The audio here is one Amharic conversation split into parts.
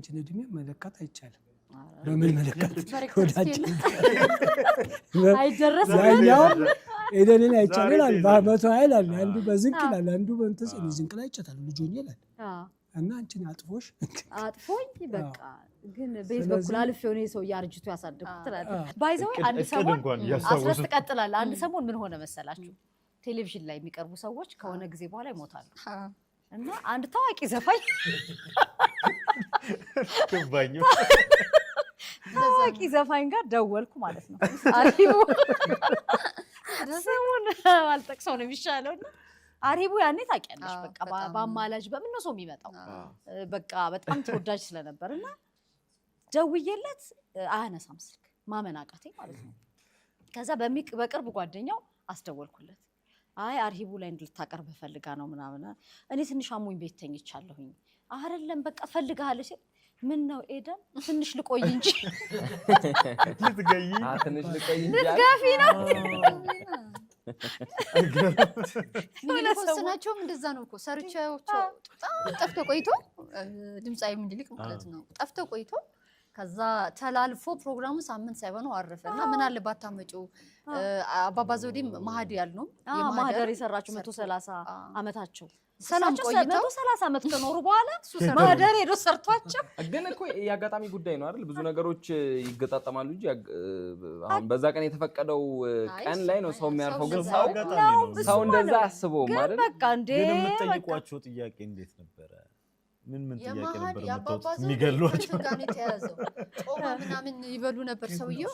የአንቺን እድሜ መለካት አይቻልም። በምን መለካት ወዳችንኛውም ኤደንን አይቻል ይላል፣ በመቶ ሀያ አለ አንዱ በዝንቅ ይላል፣ አንዱ በንተስ ዝንቅ ላይ ይጨታል ልጆኝ ይላል እና አንቺን አጥፎሽ አጥፎኝ በቃ ግን በየት በኩል አልፍ የሆነ ሰው እያርጅቱ ያሳደጉት ትላለህ። ባይዘው አንድ ሰሞን አስረስ ትቀጥላለህ። አንድ ሰሞን ምን ሆነ መሰላችሁ? ቴሌቪዥን ላይ የሚቀርቡ ሰዎች ከሆነ ጊዜ በኋላ ይሞታሉ እና አንድ ታዋቂ ዘፋኝ ትባኙ ታዋቂ ዘፋኝ ጋር ደወልኩ ማለት ነው። አሪቡ ስሙን አልጠቅሰው ነው የሚሻለው። አሪቡ ያኔ ታውቂያለሽ፣ በቃ በአማላጅ በምን ነው ሰው የሚመጣው፣ በቃ በጣም ተወዳጅ ስለነበር እና ደውዬለት አያነሳም ስልክ፣ ማመን አቃተኝ ማለት ነው። ከዛ በቅርብ ጓደኛው አስደወልኩለት። አይ አርሂቡ ላይ እንድታቀርብ ፈልጋ ነው ምናምን። እኔ ትንሽ አሞኝ ቤት ተኝቻለሁኝ። አይደለም በቃ ፈልጋለች ምን ነው ኤደን፣ ትንሽ ልቆይ እንጂ ልትገፊ ነው። ሚሊኮስናቸውም እንደዛ ነው እኮ ሰርቻቸው ጠፍቶ ቆይቶ ድምፃዊ ምንድልቅ ማለት ነው ጠፍቶ ቆይቶ ከዛ ተላልፎ ፕሮግራሙ ሳምንት ሳይሆነው አረፈ እና ምን አለ ባታመጪው አባባ ዘውዴም ማህዲ ያልነው ማህደር የሰራችው መቶ ሰላሳ ዓመታቸው ሰላም ቆይተው ሰላሳ ዓመት ከኖሩ በኋላ ማህደር ሄዶ ሰርቷቸው። ግን እኮ የአጋጣሚ ጉዳይ ነው አይደል? ብዙ ነገሮች ይገጣጠማሉ እንጂ አሁን በዛ ቀን የተፈቀደው ቀን ላይ ነው ሰው የሚያርፈው። ግን ሰው ሰው እንደዛ አስቦ ማለት በቃ እንዴ የምትጠይቋቸው ጥያቄ እንዴት ነበረ? ምን ምን ጥያቄ ነበር የሚገሏቸው? ጮማ ምናምን ይበሉ ነበር ሰውየው።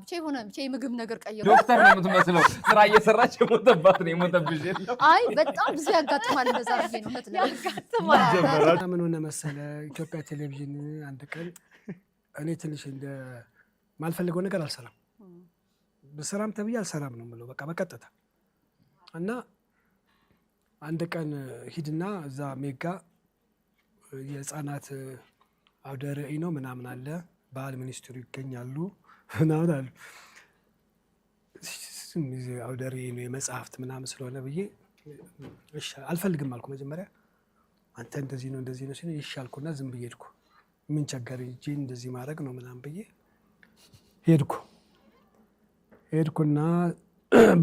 ብቻ የሆነ ብቻ የምግብ ነገር ቀየሩ። ዶክተር ነው የምትመስለው ስራ እየሰራች የሞተባት ነው የሞተብሽ። አይ በጣም ብዙ ያጋጥማል። በዛ ነው ምን ሆነ መሰለ ኢትዮጵያ ቴሌቪዥን አንድ ቀን እኔ ትንሽ እንደ ማልፈልገው ነገር አልሰራም በስራም ተብዬ አልሰራም ነው የምለው በቃ በቀጥታ እና አንድ ቀን ሂድና እዛ ሜጋ የህፃናት አውደ ርዕይ ነው ምናምን አለ፣ ባህል ሚኒስትሩ ይገኛሉ ምናምን አሉ። አውደ ርዕይ ነው የመጽሐፍት ምናምን ስለሆነ ብዬ አልፈልግም አልኩ። መጀመሪያ አንተ እንደዚህ ነው እንደዚህ ነው ሲ ይሻልኩና አልኩና ዝም ብዬ ሄድኩ። ምን ቸገር እንጂ እንደዚህ ማድረግ ነው ምናምን ብዬ ሄድኩ ሄድኩና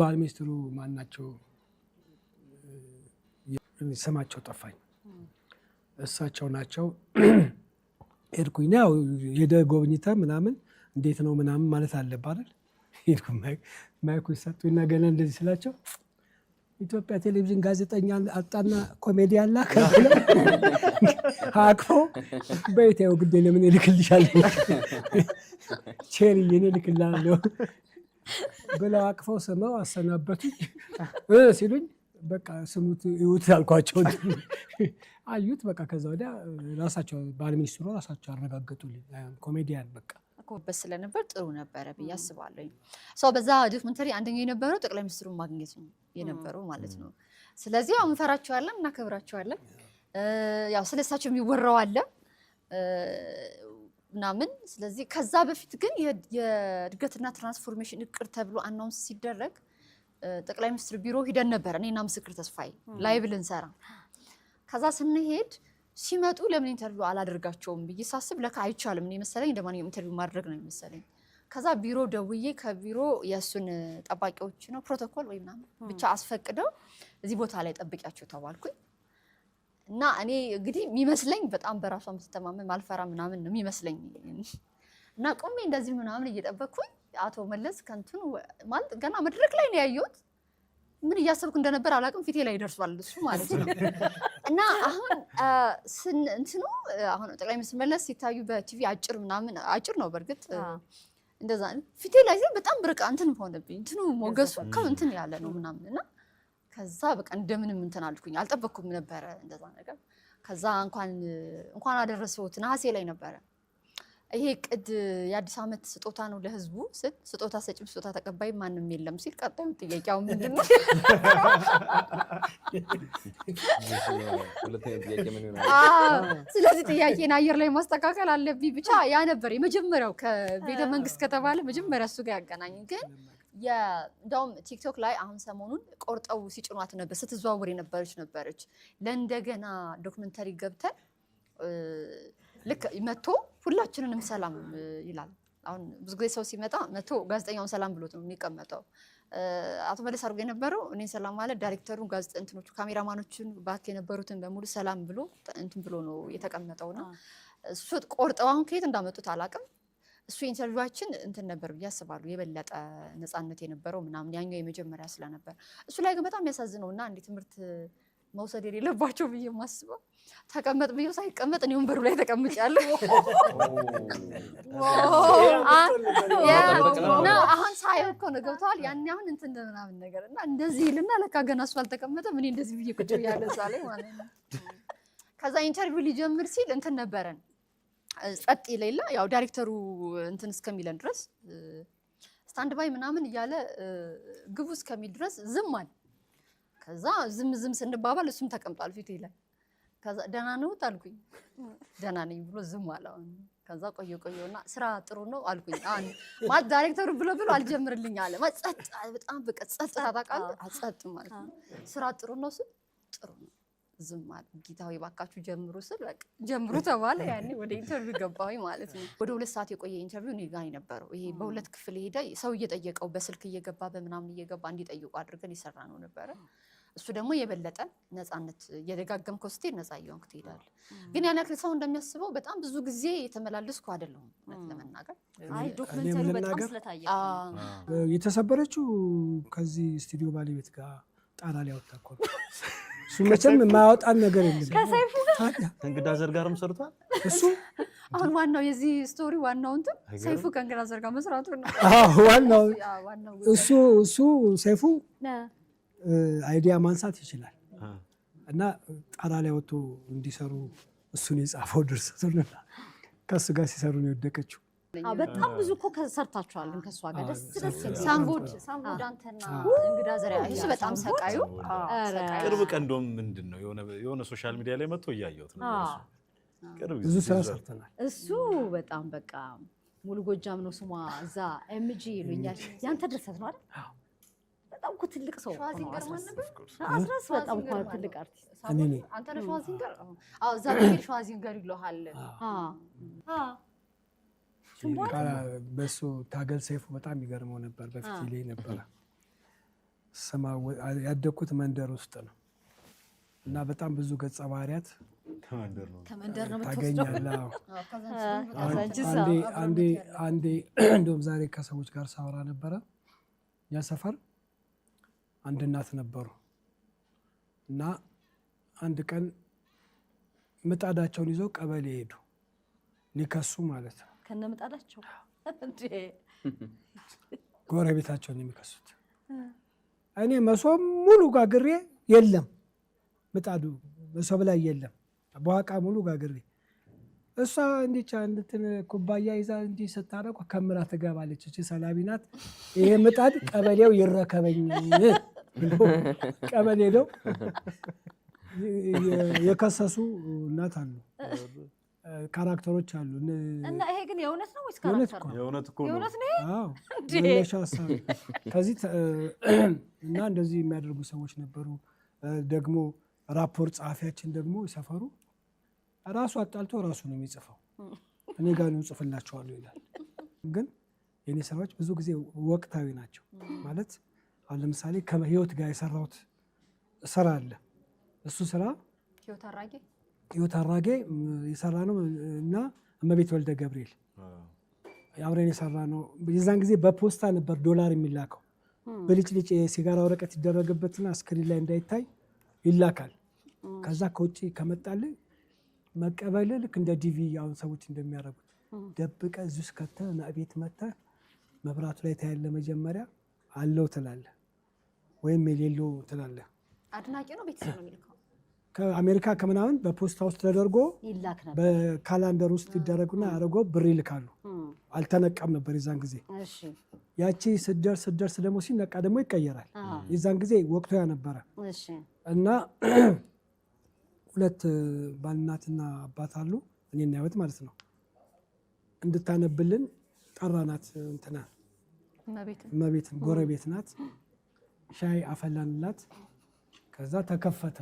ባህል ሚኒስትሩ ማናቸው ስማቸው ጠፋኝ። እሳቸው ናቸው። ሄድኩኝ ያው ሄደ ጎብኝተ ምናምን እንዴት ነው ምናምን ማለት አለብህ አይደል? ሄድኩ ማይኩ ሰጡኝና ገና እንደዚህ ስላቸው ኢትዮጵያ ቴሌቪዥን ጋዜጠኛ አጣና ኮሜዲ ያላ አቅፎ በኢትያው ግዴ ለምን እልክልሻለሁ ቼሪዬ እኔ እልክልሃለሁ ብለው አቅፈው ስመው አሰናበቱኝ ሲሉኝ በቃ ስሙት እዩት ያልኳቸው አዩት። በቃ ከዛ ወዲያ ራሳቸው ባለ ሚኒስትሩ ራሳቸው አረጋገጡልኝ። ኮሜዲያን በቃ ኮበስ ስለነበር ጥሩ ነበረ ብዬ አስባለሁ። ሰው በዛ ዶክመንተሪ አንደኛው የነበረው ጠቅላይ ሚኒስትሩ ማግኘት የነበረው ማለት ነው። ስለዚህ ያው እንፈራቸዋለን፣ እናከብራቸዋለን። ያው ስለሳቸው የሚወራው አለ ምናምን። ስለዚህ ከዛ በፊት ግን የእድገትና ትራንስፎርሜሽን እቅድ ተብሎ አናውንስ ሲደረግ ጠቅላይ ሚኒስትር ቢሮ ሂደን ነበር እኔና ምስክር ተስፋዬ ላይቭ ልንሰራ። ከዛ ስንሄድ ሲመጡ ለምን ኢንተርቪው አላደርጋቸውም ብዬ ሳስብ ለካ አይቻልም እኔ መሰለኝ እንደማንኛውም ኢንተርቪው ማድረግ ነው የመሰለኝ። ከዛ ቢሮ ደውዬ ከቢሮ የእሱን ጠባቂዎች ነው ፕሮቶኮል ወይ ምናምን ብቻ አስፈቅደው እዚህ ቦታ ላይ ጠብቂያቸው ተባልኩኝ። እና እኔ እንግዲህ የሚመስለኝ በጣም በራሷ የምትተማመን ማልፈራ ምናምን ነው የሚመስለኝ እና ቆሜ እንደዚህ ምናምን እየጠበኩኝ አቶ መለስ ከንቱን ማለት ገና መድረክ ላይ ነው ያየሁት። ምን እያሰብኩ እንደነበር አላውቅም። ፊቴ ላይ ደርሷል እሱ ማለት ነው። እና አሁን እንትኑ አሁን ጠቅላይ ሚኒስትር መለስ ሲታዩ በቲቪ አጭር ምናምን አጭር ነው በእርግጥ እንደዛ ፊቴ ላይ በጣም ብርቃ እንትን ሆነብኝ። እንትኑ ሞገሱ ከው እንትን ያለ ነው ምናምን እና ከዛ በቃ እንደምንም እንትን አልኩኝ። አልጠበኩም ነበረ እንደዛ ነገር። ከዛ እንኳን እንኳን አደረሰውት ነሐሴ ላይ ነበረ ይሄ ቅድ የአዲስ ዓመት ስጦታ ነው ለህዝቡ ስል ስጦታ ሰጭም ስጦታ ተቀባይ ማንም የለም ሲል ቀጣዩ ጥያቄው ምንድን ነው? ስለዚህ ጥያቄን አየር ላይ ማስተካከል አለብኝ። ብቻ ያ ነበር የመጀመሪያው ከቤተ መንግስት ከተባለ መጀመሪያ እሱ ጋር ያገናኝ ግን እንደውም ቲክቶክ ላይ አሁን ሰሞኑን ቆርጠው ሲጭኗት ነበር ስትዘዋውር የነበረች ነበረች ለእንደገና ዶክመንተሪ ገብተን ልክ መቶ ሁላችንንም ሰላም ይላል። አሁን ብዙ ጊዜ ሰው ሲመጣ መቶ ጋዜጠኛውን ሰላም ብሎት ነው የሚቀመጠው። አቶ መለስ አድርጎ የነበረው እኔን ሰላም ማለት ዳይሬክተሩን፣ ጋዜጠ እንትኖቹ፣ ካሜራማኖችን ባክ የነበሩትን በሙሉ ሰላም ብሎ እንትን ብሎ ነው የተቀመጠው። ና እሱ ቆርጠው አሁን ከየት እንዳመጡት አላውቅም። እሱ ኢንተርቪዋችን እንትን ነበር ብዬ አስባለሁ። የበለጠ ነፃነት የነበረው ምናምን ያኛው የመጀመሪያ ስለነበር እሱ ላይ ግን በጣም ያሳዝነው እና እንዴ ትምህርት መውሰድ የሌለባቸው ብዬ የማስበው ተቀመጥ ብዬ ሳይቀመጥ እኔ ወንበሩ ላይ ተቀምጫለሁ። አሁን ሳየው እኮ ነው ገብተዋል። ያኔ አሁን እንትን ምናምን ነገር እና እንደዚህ ይልና ለካ ገና እሱ አልተቀመጠም እኔ እንደዚህ ብዬ ቁጭ ብያለሁ እዛ ላይ ማለት ነው። ከዛ ኢንተርቪው ሊጀምር ሲል እንትን ነበረን ጸጥ ይለይላ ያው ዳይሬክተሩ እንትን እስከሚለን ድረስ ስታንድ ባይ ምናምን እያለ ግቡ እስከሚል ድረስ ዝም አለ። ከዛ ዝም ዝም ስንባባል እሱም ተቀምጧል ፊት ላይ። ከዛ ደህና ነዎት አልኩኝ። ደህና ነኝ ብሎ ዝም አለው። ከዛ ቆየ ቆየውና ስራ ጥሩ ነው አልኩኝ። ማለት ዳይሬክተሩ ብሎ ብሎ አልጀምርልኝ አለ። ጸጥ በጣም በቃ ጸጥ ታውቃለህ፣ ጸጥ ማለት ነው። ስራ ጥሩ ነው ስል ጥሩ ነው ዝም አለ። ጌታዊ ባካችሁ ጀምሩ ስል በቃ ጀምሩ ተባለ። ያኔ ወደ ኢንተርቪው ገባሁኝ ማለት ነው። ወደ ሁለት ሰዓት የቆየ ኢንተርቪው እኔ ጋር የነበረው ይሄ በሁለት ክፍል ሄደ ሰው እየጠየቀው በስልክ እየገባ በምናምን እየገባ እንዲጠይቁ አድርገን የሰራ ነው ነበረ። እሱ ደግሞ የበለጠ ነፃነት እየደጋገምከው ስትሄድ ነፃ እየሆንክ ትሄዳለህ። ግን ያን ያክል ሰው እንደሚያስበው በጣም ብዙ ጊዜ የተመላለስኩ አይደለሁም ለመናገር የተሰበረችው ከዚህ ስቱዲዮ ባለቤት ጋር ጣና ላይ ወጣ እኮ እሱ መቼም የማያወጣን ነገር የለም። ከእንግዳ ዘር ጋርም ሰርቷል። እሱ አሁን ዋናው የዚህ ስቶሪ ዋናው እንትን ሰይፉ ከእንግዳ ዘር ጋር መስራቱ ነው ዋናው እሱ እሱ ሰይፉ አይዲያ ማንሳት ይችላል እና ጣራ ላይ ወጥቶ እንዲሰሩ እሱን የጻፈው ድርሰቱንና ከእሱ ጋር ሲሰሩ ነው የወደቀችው። በጣም ብዙ እኮ ሰርታችኋል ከእሷ ጋር ደስ ደስ ሳንቦድ ሳንቦድ አንተና እንግዳ ዘሪያ እሱ በጣም ሰቃዩ ቅርብ ቀን እንደውም ምንድን ነው የሆነ ሶሻል ሚዲያ ላይ መጥቶ እያየሁት ነው። ብዙ ስራ ሰርተናል። እሱ በጣም በቃ ሙሉ ጎጃም ነው ስሟ እዛ ኤምጂ ይሉኛል። ያንተ ድርሰት ነው አይደል? በጣም እኮ ትልቅ ሰው አስረስ በጣም እኮ ትልቅ አርቲስት አንተ ነህ። ሸዋዚንገር አዎ፣ እዛ ብሄድ ሸዋዚንገር ይለሃል። በሱ ታገል ሰይፉ በጣም ይገርመው ነበር። በፊት ላይ ነበረ። ስማ፣ ያደግኩት መንደር ውስጥ ነው እና በጣም ብዙ ገጸ ባህሪያት ከመንደር ነው ታገኛለህ። አንዴ እንደውም ዛሬ ከሰዎች ጋር ሳወራ ነበረ ያ ሰፈር አንድ እናት ነበሩ እና አንድ ቀን ምጣዳቸውን ይዘው ቀበሌ ሄዱ ሊከሱ ማለት ነው። ከነ ምጣዳቸው ጎረቤታቸውን የሚከሱት እኔ መሶብ ሙሉ ጋግሬ የለም ምጣዱ መሶብ ላይ የለም። በዋቃ ሙሉ ጋግሬ እሷ እንዲች እንትን ኩባያ ይዛ እንዲህ ስታረቁ ከምራ ትገባለች። እቺ ሰላቢ ናት። ይሄ ምጣድ ቀበሌው ይረከበኝ ቀበሌ ሄደው የከሰሱ እናት አሉ፣ ካራክተሮች አሉ። እና ይሄ ግን የእውነት ነው ወይስ ካራክተር የእውነት እኮ ነው። መነሻ ሀሳብ ከዚህ እና እንደዚህ የሚያደርጉ ሰዎች ነበሩ። ደግሞ ራፖርት ጸሐፊያችን ደግሞ ሰፈሩ ራሱ አጣልቶ ራሱ ነው የሚጽፈው። እኔ ጋር ነው ጽፍላቸዋለሁ ይላል። ግን የኔ ስራዎች ብዙ ጊዜ ወቅታዊ ናቸው ማለት አሁን ለምሳሌ ከህይወት ጋር የሰራሁት ስራ አለ። እሱ ስራ ህይወት አራጌ የሰራ ነው እና እመቤት ወልደ ገብርኤል አብረን የሰራ ነው። የዛን ጊዜ በፖስታ ነበር ዶላር የሚላከው በልጭልጭ የሲጋራ ወረቀት ይደረግበትና ስክሪን ላይ እንዳይታይ ይላካል። ከዛ ከውጭ ከመጣልህ መቀበል ልክ እንደ ዲቪ አሁን ሰዎች እንደሚያደርጉት ደብቀ እዚህ ውስጥ ከተህ ቤት መጥተህ መብራቱ ላይ ታያለህ። መጀመሪያ አለው ትላለ ወይም የሌሉ ትላለ አድናቂ ነው ቤተሰብ ነው የሚልከው ከአሜሪካ ከምናምን በፖስታ ውስጥ ተደርጎ በካላንደር ውስጥ ይደረጉና አድርጎ ብር ይልካሉ። አልተነቃም ነበር የዛን ጊዜ። ያቺ ስደርስ ስደርስ ደግሞ ሲነቃ ደግሞ ይቀየራል። የዛን ጊዜ ወቅቱ ያ ነበረ እና ሁለት ባልናትና አባት አሉ እኔ ህይወት ማለት ነው። እንድታነብልን ጠራናት። እንትና እመቤትን ጎረቤት ናት ሻይ አፈላንላት። ከዛ ተከፈተ።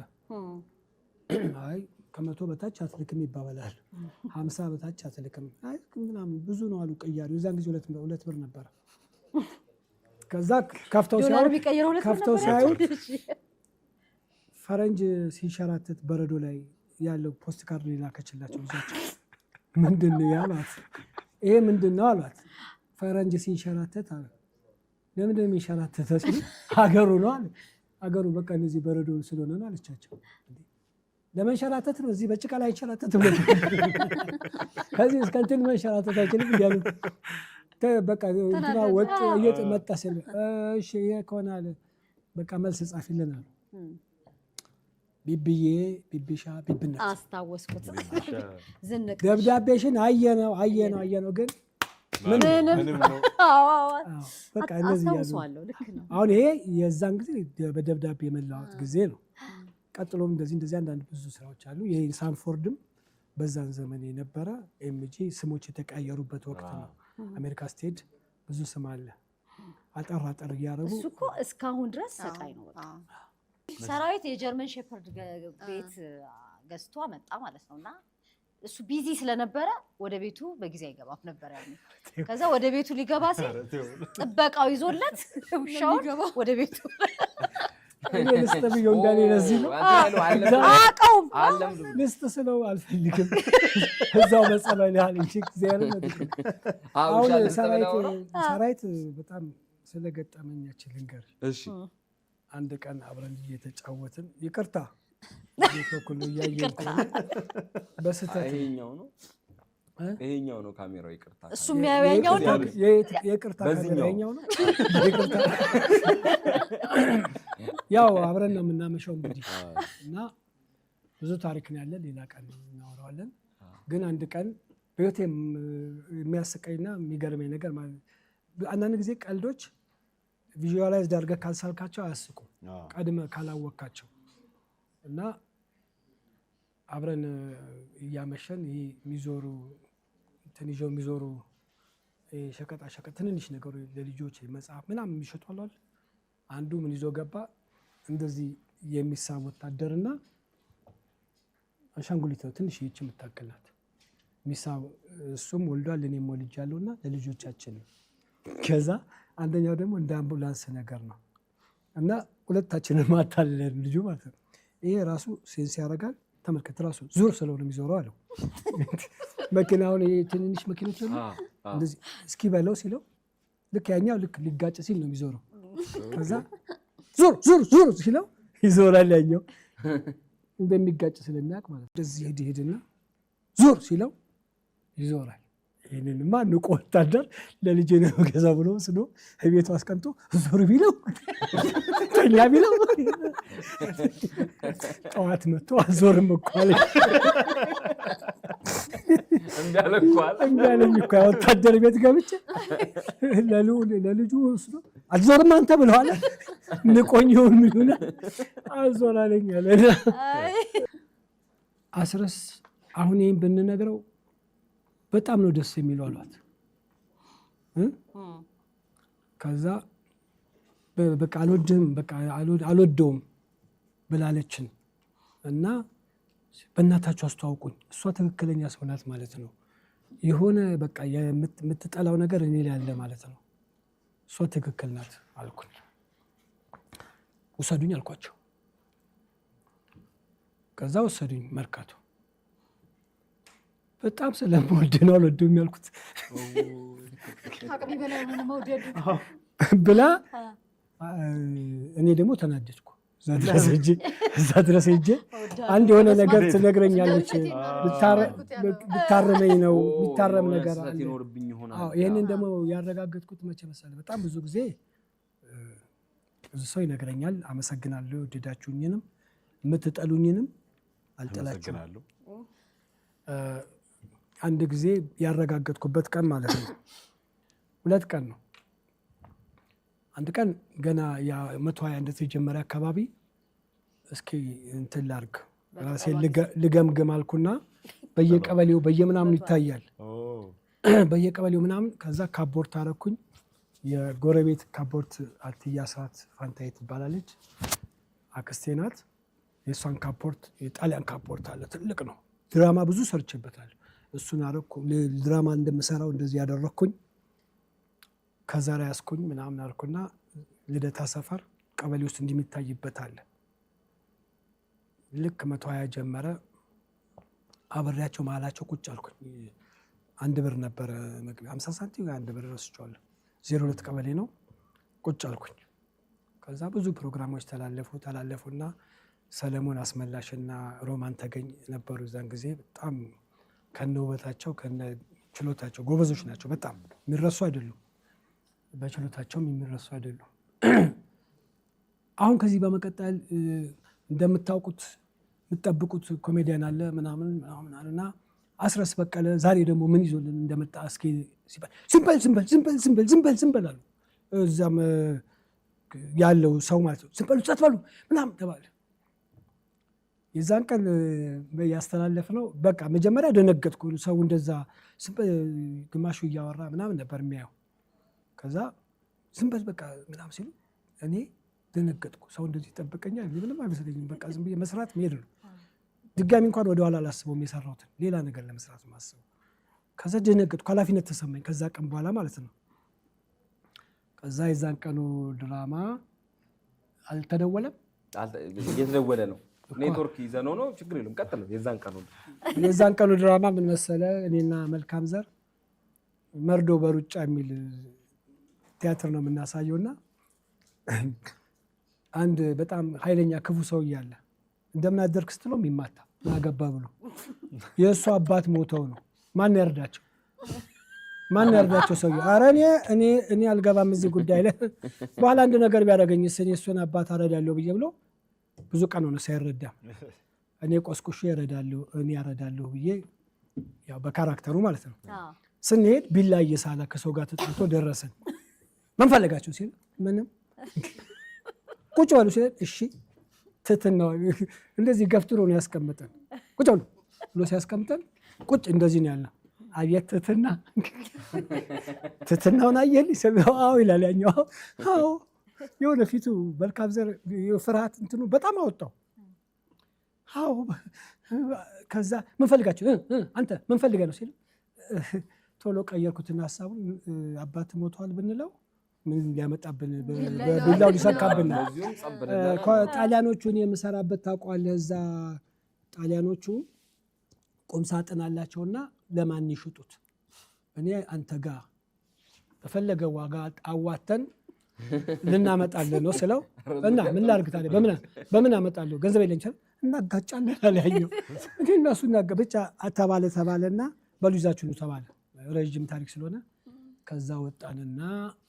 አይ ከመቶ በታች አትልክም ይባባላል። ሀምሳ በታች አትልክም ምናምን ብዙ ነው አሉ ቅያሬው። እዛን ጊዜ ሁለት ብር ነበረ። ከዛ ከፍተው ሲያዩት ፈረንጅ ሲንሸራተት በረዶ ላይ ያለው ፖስት ካርድ ላከችላቸው ልጆች። ምንድን ነው ያሏት? ይሄ ምንድን ነው አሏት። ፈረንጅ ሲንሸራተት አለ ለምንድን ለምን የሚንሸራተተው ሀገሩ ነው አለ። ሀገሩ በቃ እነዚህ በረዶ ስለሆነ ነው አለቻቸው። ለመንሸራተት ነው እዚህ በጭቃ ላይ አይንሸራተትም። ከዚህ እስከ እንትን መንሸራተታችን እንዲያሉ በቃ ወጥ እየጥ መጣ ስል እሺ ይሄ ከሆነ አለ በቃ መልስ ጻፊልን አሉ። ቢብዬ ቢብሻ ቢብነት አስታወስኩት። ደብዳቤሽን አየነው አየነው አየነው ግን አሁን ይሄ የዛን ጊዜ በደብዳቤ የመላወት ጊዜ ነው። ቀጥሎም እንደዚህ እንደዚህ አንዳንድ ብዙ ስራዎች አሉ። ይሄ ሳንፎርድም በዛን ዘመን የነበረ ኤምጂ ስሞች የተቀየሩበት ወቅት ነው። አሜሪካ ስቴድ ብዙ ስም አለ። አጠር አጠር እያደረጉ እሱ እኮ እስካሁን ድረስ ሰቃይ ነው። ሰራዊት የጀርመን ሼፐርድ ቤት ገዝቶ መጣ ማለት ነው እና እሱ ቢዚ ስለነበረ ወደ ቤቱ በጊዜ አይገባም ነበር። ያ ከዛ ወደ ቤቱ ሊገባ ሲል ጥበቃው ይዞለት ውሻውን ወደ ቤቱ አቀውም ልስጥ ስለው አልፈልግም፣ እዛው በጸሎል ያህል ሰራዊት በጣም ስለገጠመኛችን ልንገር። አንድ ቀን አብረን እየተጫወትን ይቅርታ ይሄኛው ነው ካሜራው። ይቅርታ እሱ የሚያየው ያኛው ነው። ይቅርታ ካሜራው ነው። ያው አብረን ነው የምናመሻው እንግዲህ እና ብዙ ታሪክ ነው ያለን። ሌላ ቀን እናወራዋለን። ግን አንድ ቀን በህይወት የሚያስቀኝና የሚገርመኝ ነገር አንዳንድ ጊዜ ቀልዶች ቪዥዋላይዝ ዳርገህ ካልሳልካቸው አያስቁም፣ ቀድመህ ካላወቅካቸው እና አብረን እያመሸን ይህ የሚዞሩ እንትን ይዞ የሚዞሩ ሸቀጣ ሸቀጥ ትንንሽ ነገሩ ለልጆች መጽሐፍ ምናምን የሚሸጡ አንዱ ምን ይዞ ገባ? እንደዚህ የሚሳብ ወታደርና አሻንጉሊት ነው ትንሽ ይች የምታክል ናት። ሚሳብ እሱም ወልዷል እኔም ወልጃለሁ እና ለልጆቻችን ከዛ አንደኛው ደግሞ እንደ አምቡላንስ ነገር ነው እና ሁለታችንን ማታለለን ልጁ ማለት ነው። ይሄ ራሱ ሴንስ ያደርጋል። ተመልከት ራሱ ዙር ስለሆነ የሚዞረው አለው። መኪናውን ትንንሽ መኪኖች እንደዚህ እስኪ በለው ሲለው ልክ ያኛው ልክ ሊጋጭ ሲል ነው የሚዞረው። ከዛ ዙር ዙር ዙር ሲለው ይዞራል ያኛው እንደሚጋጭ ስለሚያውቅ ማለት ነው። እንደዚህ ሄድ ሄድና ዙር ሲለው ይዞራል። ይህንንማ ንቆ ወታደር ለልጅ ነው ገዛ ብሎ ስዶ ቤቱ አስቀምጦ ዞር ቢለው ተኛ ቢለው ጠዋት መጥቶ አዞርም እኮ አለኝ። እንዳለኝ እኮ ወታደር ቤት ገብቼ ለልጁ ወስዶ አዞርም አንተ ብለኋለ ንቆኘውን ሚሆነ አዞር አለኝ አለ አስረስ አሁን ይህም ብንነግረው በጣም ነው ደስ የሚሉ አሏት። ከዛ በቃ አልወድም አልወደውም ብላለችን እና በእናታችሁ አስተዋውቁኝ። እሷ ትክክለኛ ሰው ናት ማለት ነው። የሆነ በቃ የምትጠላው ነገር እኔ ላይ ያለ ማለት ነው። እሷ ትክክል ናት አልኩኝ። ውሰዱኝ አልኳቸው። ከዛ ወሰዱኝ መርካቶ በጣም ስለምወድ ነው አልወደውም ያልኩት ብላ እኔ ደግሞ ተናደድኩ። እዛ ድረስ ሄጄ አንድ የሆነ ነገር ትነግረኛለች፣ ብታረመኝ ነው የሚታረም ነገር ይህንን ደግሞ ያረጋገጥኩት መቼ መሰለህ? በጣም ብዙ ጊዜ ብዙ ሰው ይነግረኛል። አመሰግናለሁ፣ የወደዳችሁኝንም የምትጠሉኝንም አልጠላችሁም አንድ ጊዜ ያረጋገጥኩበት ቀን ማለት ነው። ሁለት ቀን ነው። አንድ ቀን ገና መቶ ሀያ እንደተጀመረ አካባቢ እስኪ እንትን ላርግ ራሴ ልገምግም አልኩና በየቀበሌው በየምናምን ይታያል በየቀበሌው ምናምን ከዛ ካፖርት አረኩኝ። የጎረቤት ካፖርት አትያ ስራት ፋንታዬ ትባላለች፣ አክስቴ ናት። የእሷን ካፖርት የጣሊያን ካፖርት አለ፣ ትልቅ ነው። ድራማ ብዙ ሰርችበታል። እሱን አረኩ ድራማ እንደምሰራው እንደዚህ ያደረግኩኝ ከዛ ላይ ያስኩኝ ምናምን አልኩና ልደታ ሰፈር ቀበሌ ውስጥ እንደሚታይበት አለ። ልክ መቶ ሀያ ጀመረ። አብሬያቸው መሀላቸው ቁጭ አልኩኝ። አንድ ብር ነበረ መግቢያ ሀምሳ ሳንቲም አንድ ብር ረስቼዋለሁ። ዜሮ ሁለት ቀበሌ ነው። ቁጭ አልኩኝ። ከዛ ብዙ ፕሮግራሞች ተላለፉ ተላለፉና ሰለሞን አስመላሽና ሮማን ተገኝ ነበሩ። እዛን ጊዜ በጣም ከነ ውበታቸው ከነ ችሎታቸው ጎበዞች ናቸው። በጣም የሚረሱ አይደሉም። በችሎታቸውም የሚረሱ አይደሉም። አሁን ከዚህ በመቀጠል እንደምታውቁት የምጠብቁት ኮሜዲያን አለ ምናምን ምናምን አለና አስረስ በቀለ ዛሬ ደግሞ ምን ይዞልን እንደመጣ እስኪ ሲባል ዝም ዝንበል ዝም በል ዝም አሉ። እዛም ያለው ሰው ማለት ነው። ዝም ጸጥ በሉ ምናምን ተባለ። የዛን ቀን ያስተላለፍ ነው። በቃ መጀመሪያ ደነገጥኩ። ሰው እንደዛ ግማሹ እያወራ ምናምን ነበር የሚያየው። ከዛ ዝም በል በቃ ምናምን ሲሉ እኔ ደነገጥኩ። ሰው እንደዚህ ይጠብቀኛል ምንም አይመስለኝም። በቃ ዝም ብዬ መስራት መሄድ ነው። ድጋሚ እንኳን ወደኋላ አላስበውም። የሰራሁትን ሌላ ነገር ለመስራት ማስበው። ከዛ ደነገጥኩ፣ ኃላፊነት ተሰማኝ። ከዛ ቀን በኋላ ማለት ነው። ከዛ የዛን ቀኑ ድራማ አልተደወለም፣ እየተደወለ ነው ኔትወርክ ይዘን ነው። ችግር የለም። ቀጥል። የዛን ቀኑ የዛን ቀኑ ድራማ ምን መሰለ፣ እኔና መልካም ዘር መርዶ በሩጫ የሚል ቲያትር ነው የምናሳየው እና አንድ በጣም ኃይለኛ ክፉ ሰውዬ አለ። እንደምናደርግ ስትለው የሚማታ ማገባ ብሎ የእሱ አባት ሞተው ነው። ማን ያርዳቸው? ማን ያርዳቸው? ሰው አረ እኔ እኔ እኔ አልገባም እዚህ ጉዳይ ላይ በኋላ አንድ ነገር ቢያደርገኝ እኔ እሱን አባት አረዳለሁ ብዬ ብሎ ብዙ ቀን ሆነ ሳይረዳ እኔ ቆስቁሽ ይረዳለሁ እኔ ያረዳለሁ ብዬ ያው በካራክተሩ ማለት ነው። ስንሄድ ቢላ እየሳለ ከሰው ጋር ተጠርቶ ደረሰን። ምን ፈለጋችሁ ሲል ምንም ቁጭ በሉ ሲል እሺ ትትና እንደዚህ ገፍትሮ ነው ያስቀምጠን። ቁጭ በሉ ብሎ ሲያስቀምጠን ቁጭ እንደዚህ ነው ያለ አየት ትትና ትትናውን አየል ይላል ያኛው የሆነ ፊቱ መልካም ዘር ፍርሃት እንትኑ በጣም አወጣው። አዎ ከዛ ምንፈልጋቸው አንተ ምንፈልገ ነው ሲል ቶሎ ቀየርኩትና ሀሳቡን አባት ሞቷል ብንለው ምን ሊያመጣብን ቢላው ሊሰካብን ጣሊያኖቹን የምሰራበት ታውቀዋለህ። እዛ ጣሊያኖቹ ቁም ሳጥን አላቸውና ለማን ይሽጡት እኔ አንተ ጋ በፈለገ ዋጋ አዋተን ልናመጣለን ነው ስለው እና ምን ላድርግ ታዲያ በምን አመጣለሁ ገንዘብ የለኝ ይችላል እናጋጫለን አለያየው እኔ እና እሱ እናጋ ብቻ ተባለ ተባለ እና በሉ ነው ተባለ። ረዥም ታሪክ ስለሆነ ከዛ ወጣንና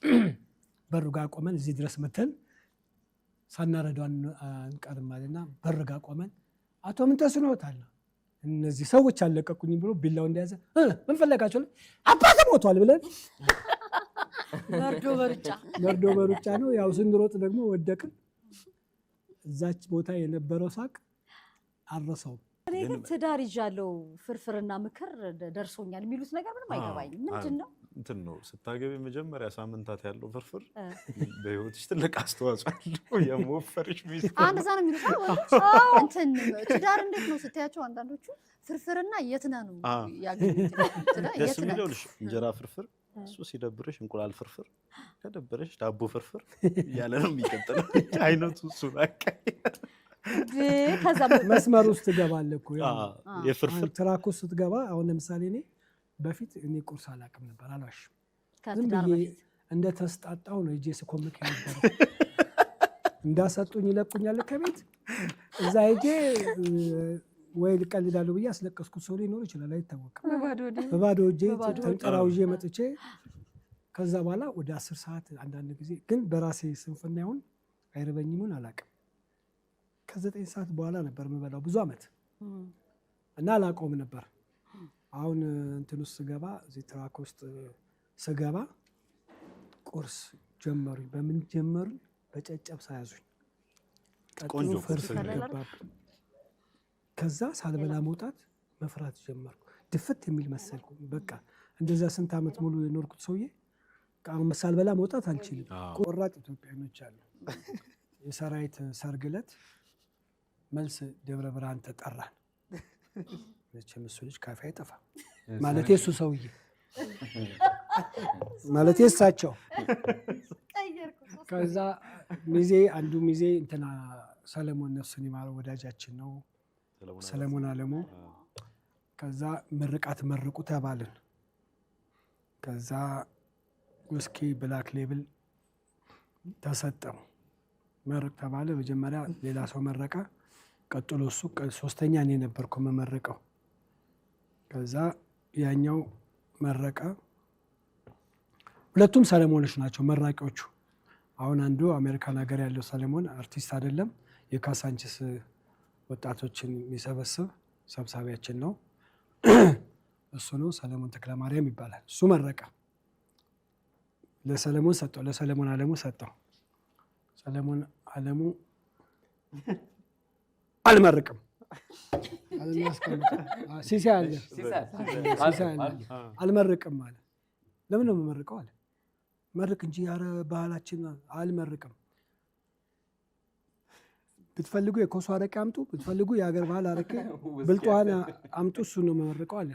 በር ጋር ቆመን እዚህ ድረስ መተን ሳናረዷን አንቀርም አለና በር ጋር ቆመን አቶ ምንተስኖት አለ እነዚህ ሰዎች አለቀቁኝ ብሎ ቢላው እንደያዘ ምን ፈለጋቸው አባትህ ሞቷል ብለን መርዶ በሩጫ መርዶ በሩጫ ነው። ያው ስንሮጥ ደግሞ ወደቅን። እዛች ቦታ የነበረው ሳቅ አልረሳውም። እኔ ግን ትዳር ይዣለሁ ፍርፍርና ምክር ደርሶኛል የሚሉት ነገር ምንም አይገባኝም። ምንድን ነው እንትን ነው ስታገቢ መጀመሪያ ሳምንታት ያለው ፍርፍር በህይወትሽ ትልቅ አስተዋጽኦ አለው። የመወፈርሽ ሚስት አንድ እዛ ነው የሚሉት እንትን ትዳር እንዴት ነው ስታያቸው አንዳንዶቹ ፍርፍርና የትነ ነው ያገኙት። ደስ የሚለው ልሽ እንጀራ ፍርፍር እሱ ሲደብርሽ እንቁላል ፍርፍር፣ ከደበረሽ ዳቦ ፍርፍር እያለ ነው የሚቀጥለው። አይነቱ እሱ መስመር ውስጥ ትገባለህ እኮ የፍርፍር ትራክ ውስጥ ስትገባ። አሁን ለምሳሌ እኔ በፊት እኔ ቁርስ አላውቅም ነበር፣ አልዋሽም። ዝም ብዬ እንደ ተስጣጣው ነው እጄ ስኮምክ ነበር። እንዳሰጡኝ ይለቁኛል ከቤት እዛ ሄጄ ወይ ልቀልዳለሁ ብዬ አስለቀስኩት ሰው ሊኖር ይችላል፣ አይታወቅም። በባዶ እጄ ተንጠራውዤ መጥቼ ከዛ በኋላ ወደ አስር ሰዓት አንዳንድ ጊዜ ግን በራሴ ስንፍና ይሁን አይርበኝምን አላቅም። ከዘጠኝ ሰዓት በኋላ ነበር የምበላው ብዙ አመት እና አላቆም ነበር። አሁን እንትን ውስጥ ስገባ እዚህ ትራክ ውስጥ ስገባ ቁርስ ጀመሩኝ። በምን ጀመሩኝ? በጨጨብሳ ያዙኝ። ቀጥሎ ፍርፍር ገባብኝ። ከዛ ሳልበላ መውጣት መፍራት ጀመርኩ። ድፍት የሚል መሰልኩ። በቃ እንደዛ ስንት ዓመት ሙሉ የኖርኩት ሰውዬ አሁን ሳልበላ መውጣት አልችልም። ቆራጥ ኢትዮጵያኖች አሉ። የሰራዊት ሰርግ ዕለት መልስ ደብረ ብርሃን ተጠራን። መቼም እሱ ልጅ ካፌ አይጠፋ ማለት እሱ ሰውዬ ማለት እሳቸው። ከዛ ሚዜ አንዱ ሚዜ እንትና ሰለሞን ነፍሱን ይማረው ወዳጃችን ነው ሰለሞን አለሙ። ከዛ ምርቃት መርቁ ተባልን። ከዛ ውስኪ ብላክ ሌብል ተሰጠው። መርቅ ተባለ። መጀመሪያ ሌላ ሰው መረቀ። ቀጥሎ እሱ ሶስተኛ እኔ ነበርኩ መመረቀው። ከዛ ያኛው መረቀ። ሁለቱም ሰለሞኖች ናቸው መራቂዎቹ። አሁን አንዱ አሜሪካን ሀገር ያለው ሰለሞን አርቲስት አይደለም የካሳንችስ ወጣቶችን የሚሰበስብ ሰብሳቢያችን ነው። እሱ ነው ሰለሞን ተክለማርያም ይባላል። እሱ መረቀ ለሰለሞን ሰጠው፣ ለሰለሞን አለሙ ሰጠው። ሰለሞን አለሙ አልመርቅም ሲሳይ አለ አልመርቅም አለ። ለምን ነው የምመርቀው አለ። መርቅ እንጂ ኧረ ባህላችን አልመርቅም ብትፈልጉ የኮሶ አረቄ አምጡ፣ ብትፈልጉ የሀገር ባህል አረቄ ብልጧን አምጡ፣ እሱ ነው መመርቀው አለ።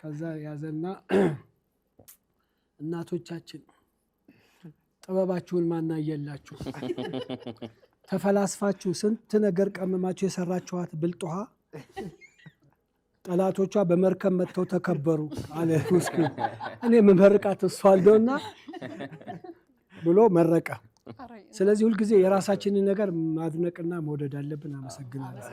ከዛ ያዘና እናቶቻችን ጥበባችሁን ማናየላችሁ ተፈላስፋችሁ ስንት ነገር ቀመማችሁ የሰራችኋት ብልጥ ጠላቶቿ በመርከብ መጥተው ተከበሩ አለ እኔ መመርቃት እሷ አለውና ብሎ መረቀ። ስለዚህ ሁልጊዜ የራሳችንን ነገር ማድነቅና መውደድ አለብን። አመሰግናለሁ።